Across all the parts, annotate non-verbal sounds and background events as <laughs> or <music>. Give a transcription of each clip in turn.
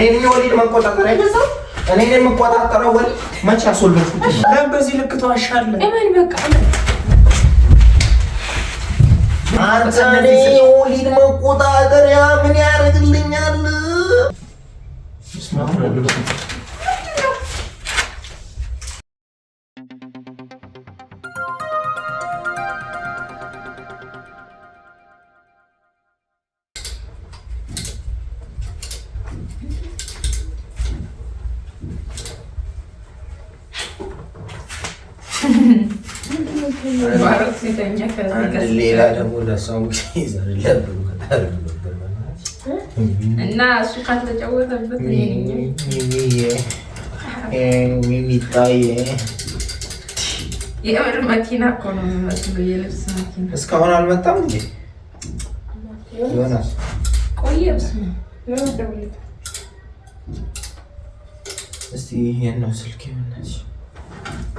እኔ ነኝ ወሊድ መቆጣጠር አይደለም። እኔ ነኝ መቆጣጠረው ወሊድ መቼ አስወለድኩት? ለምን በዚህ ልክ ተዋሻለህ? እመን በቃ አንተ እኔ ወሊድ መቆጣጠሪያ ምን ያደርግልኛል? ሌላ ደግሞ ለሰው እና እሱ ካልተጫወተበት የእምር መኪና እኮ ነው የሚመስሉ የልብስ መኪና እስካሁን አልመጣም እንዴ? ይሆናል ቆየ። ይሄን ነው ስልክ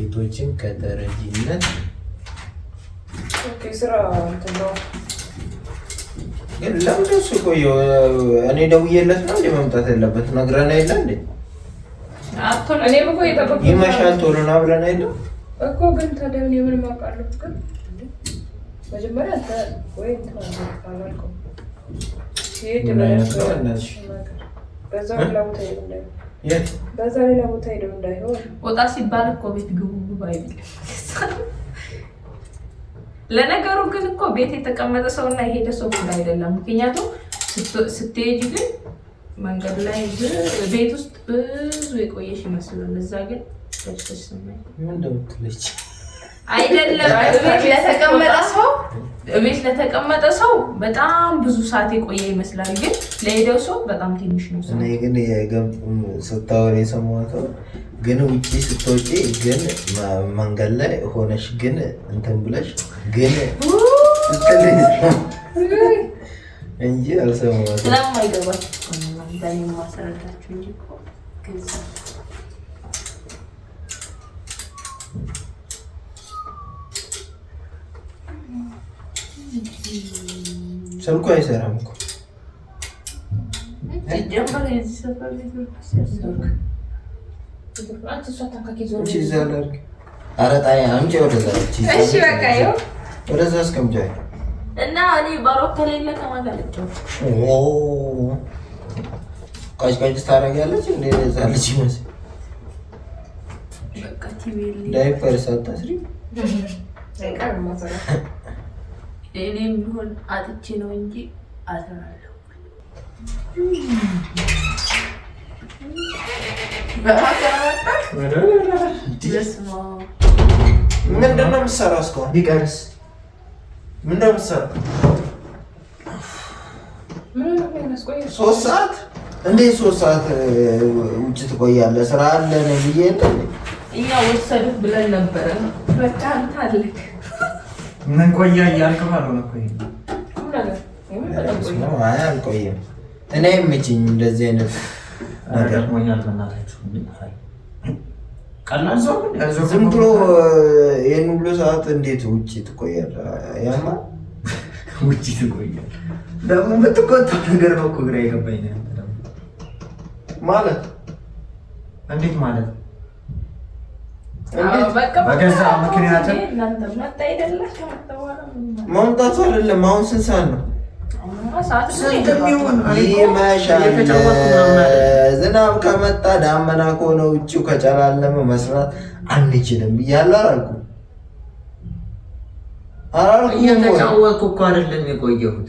ሴቶችን ከተረጂነት ግን ለምን እሱ ቆየው? እኔ ደውዬለት ነው እንደ መምጣት ያለበት ነግረን የለ እንዴ? ይመሻል ቶሎ እኮ። ግን ታዲያ እኔ ምን አውቃለሁ? ግን መጀመሪያ ወይ በዛ ሌላ ቦታ ሄደው እንዳይሆን ወጣ ሲባል እኮ ቤት ግቡ ግቡ አይልም። ለነገሩ ግን እኮ ቤት የተቀመጠ ሰው እና የሄደ ሰው ጉዳ አይደለም። ምክንያቱም ስትሄጅ ግን መንገድ ላይ ቤት ውስጥ ብዙ የቆየሽ ይመስላል። እዛ ግን ደርሰሽ ስናይ ምን አይደለም ቤት ለተቀመጠ ሰው እቤት ለተቀመጠ ሰው በጣም ብዙ ሰዓት የቆየ ይመስላል፣ ግን ለሄደው ሰው በጣም ትንሽ ነው። እኔ ግን የገንጡም ስታወር የሰማሁት ግን ውጭ ስትወጪ ግን መንገድ ላይ ሆነሽ ግን እንትን ብለሽ ግን እንጂ አልሰማሁትም። ስለማይገባችሁ ማስረዳችሁ እንጂ ስልኩ አይሰራም እኮ ወደዛ አስቀምጫ እና እኔ ባሮክ ከሌለ ከማላለቸው ቀጭቀጭ ታደርጊያለች። እንደዛ ልጅ ይመስል ዳይፐር ሳታስሪ እኔ ቢሆን አጥቼ ነው እንጂ አዝናለሁ። የምትሰራው? እስካሁን ቢቀርስ የምትሰራው? ሶስት ሰዓት እንዴት ሶስት ሰዓት ውጭ ትቆያለህ? ስራ አለ ነው ብዬ እኛ ወሰዱት ብለን ነበረ በቃ አለክ ምን ቆያ እያልክ ባልሆነ እኮ አልቆየም። እኔ የምችኝ እንደዚህ አይነት ነገር ዝም ብሎ ይህን ሁሉ ሰዓት እንዴት ውጭ ትቆያለህ? ያማ <laughs> ውጭ ትቆያለህ ደግሞ ነገር ነው ግራ የገባኝ ማለት እንዴት ማለት በገዛ ምክንያት መምጣቱ አይደለም። አሁን ስንት ሰዓት ነው? ዝናብ ከመጣ ዳመና ከሆነ ውጭው ከጨላለመ መስራት አንችልም ብያለሁ አላልኩም? እየተጫወትኩ እኮ አይደለም የቆየሁት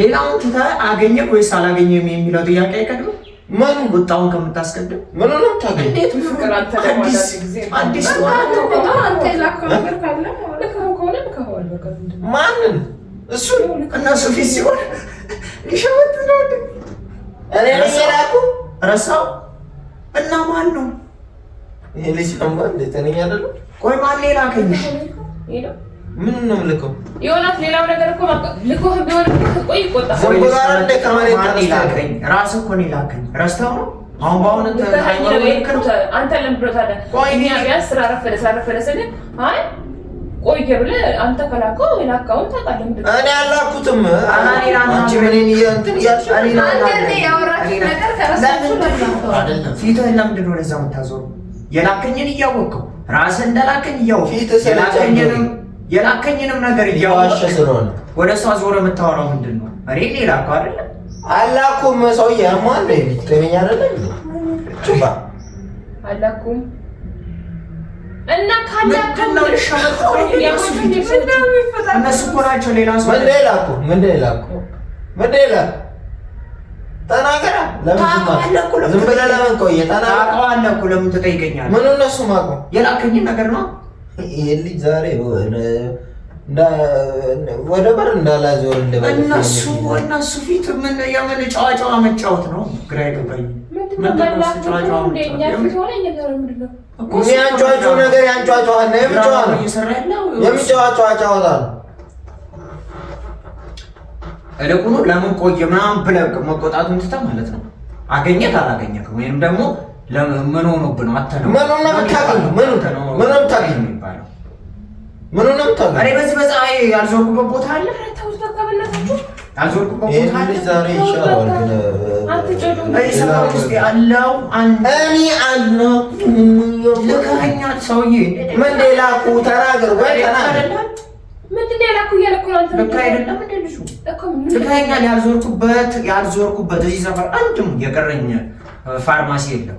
ሌላውን ትተህ አገኘ ወይስ አላገኘም የሚለው ጥያቄ አይቀድም? ማን ወጣውን ከምታስቀድም ምን ነው ታገኝ እንዴት ፍቅር አንተ ነው እና ማን ነው ይሄ ልጅ ተነኛ አይደለም ቆይ ማን ሌላ አገኘህ ምን ነው የምልከው? የሆናት ሌላው ነገር እኮ ልኮህ ቢሆን ቆይ ይቆጣል። ራስህ እኮ ነው የላከኝ። ረስተኸው ነው አሁን በአሁን አንተ ለምብሎ ታዲያ ቢያንስ ስራ ረፈደ ስራ ረፈደ ስልህ አይ ቆየ ብለህ አንተ ከላከው የላከውን ታውቃለህ። እኔ አላኩትም። አንቺ የላከኝንም ነገር እያዋሸ ስለሆነ ወደ እሷ ዞረ የምታወራው ምንድን ነው? እኔ ሌላ እኮ አላኩም። ሰውዬ ጩባ አላኩም እና ሰው ምን ሌላ እኮ ምን ሌላ እኮ ምን ሌላ ምን እነሱ የላከኝን ነገር ነው ይሄ ልጅ ዛሬ ሆነ ወደ በር እንዳላዞር እንደበእነሱ እነሱ ፊት የምን ጨዋጨዋ መጫወት ነው። ግራ አይገባኝም። ያንጫዋቸው ነገር ያንጫዋቸዋ ነው። ለምን ቆየ ምናምን ብለህ መቆጣቱን ትተህ ማለት ነው። አገኘት አላገኘክም ወይም ደግሞ ምን ሆኖብህ ነው? ምን ሆነ የምታገኝ ምን ምን የምታገኝ የሚባለው ምን ሆነ የምታገኝ? አሬ በዚህ በፀሐይ ያልዞርኩበት ቦታ አለ። አለ። ዛሬ ይሻላል ግን ሰውዬ ወይ ተናገር። አንተ። አይደለም ያልዞርኩበት ያልዞርኩበት እዚህ ሰፈር አንድም የቀረኝ ፋርማሲ የለም።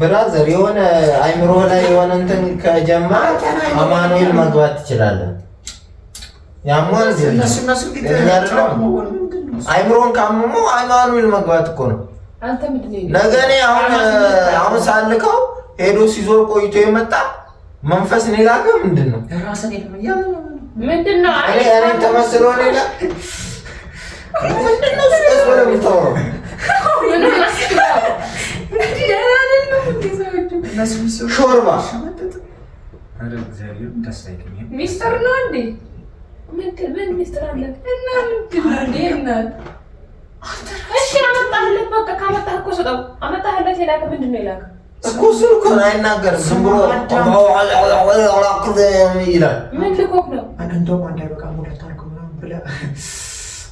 ብራዘር የሆነ አይምሮ ላይ የሆነ እንትን ከጀማ አማኑኤል መግባት ትችላለን። ያሟል አይምሮን ካመሙ አማኑኤል መግባት እኮ ነው። ነገ እኔ አሁን ሳልከው ሄዶ ሲዞር ቆይቶ የመጣ መንፈስ ኔ ላከ ምንድን ነው ምንድን ተመስሎ ሌላ ምንድን ነው ሾርባ ሚስጥር ነው እንዴ? ምን ሚስጥር አለ እና ነው እንዴ? አመጣህለት፣ በቃ ካመጣህ እኮ ስጠው። አመጣህለት የላከ ምንድን ነው የላከ እኮ እሱን እኮ አይናገርም። ዝም ብሎ ይላል። ምን ልኮክ ነው እንደውም አንድ አይበቃም ሁለት አድርገው ምናምን ብለህ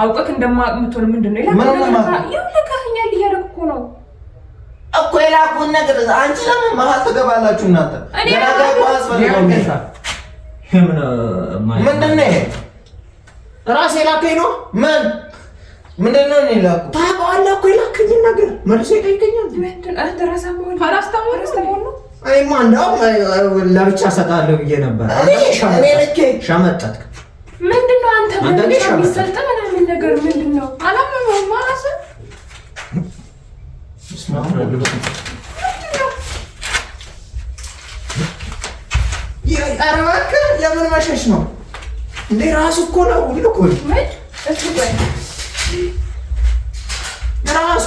አውቀህ እንደማትሆን ምንድን ነው ይልካኛል እያደረግህ እኮ ነው እኮ የላኩን ነገር አንቺ ለምን መሀል ትገባላችሁ? እናንተ ምንድን ነው ራሴ የላከኝ ነው። ምን ምንድን ነው እኔ ታውቀዋለህ እኮ የላከኝን ነገር መልሶ ይጠይቀኛል። እኔማ እንደውም ለብቻ ሰጣለሁ ብዬ ነበር። ሸመጠጥክ። ምንድን ነው አንተ? የሚሰጥህ ምናምን ነገር ምንድን ነው? አላመመውም እራስህ ኧረ እባክህ ለምን መሸሽ ነው እንደ ራሱ እኮ ነው ሁሉ እኮ ነው ራሱ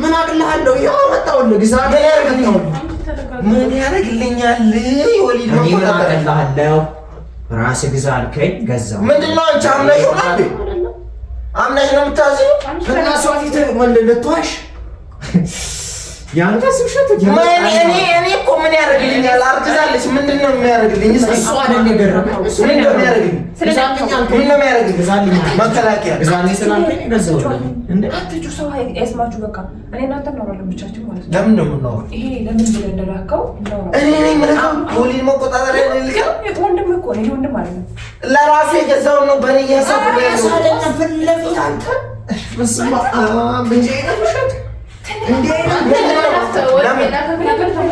ምን አቅልሃለሁ? ይኸው መጣሁልህ። ምን ያደርግልኛል? ወሊድ ምን አቅልሃለሁ? ራስህ ግዛ አልከኝ፣ ገዛሁ። ምንድን ነው አንቺ አምናሽ ነው አምናሽ ነው የምታዝኝ? እና እሷ ፊት ልትዋሽ የአንተስ ውሸት ይገርመኛል። አርግዛለች። ምንድን ነው የሚያደርግልኝ? እሱ አይደል የገረመው። ምንድን ነው የሚያደርግልኝ? ምንድን ነው የሚያደርግልኝ? መከላከያ አትጩ፣ ሰው አይስማችሁ። በቃ እኔ እናንተ እናወራለን ብቻችን ማለት ነው። ለምን ደግሞ እናወራ? ይሄ ለምን ብለህ እንደላከው እኔ ነኝ የምልከው። ወሊድ መቆጣጠሪያ ወንድም እኮ ነው። ወንድም አለ ለራሴ የገዛውን ነው በእኔ እያሰብኩ አንተ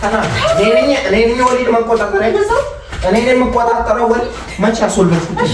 እኔ ወሊድ መቆጣጠር አይገዛም። እኔ መቼ አስወለድኩት?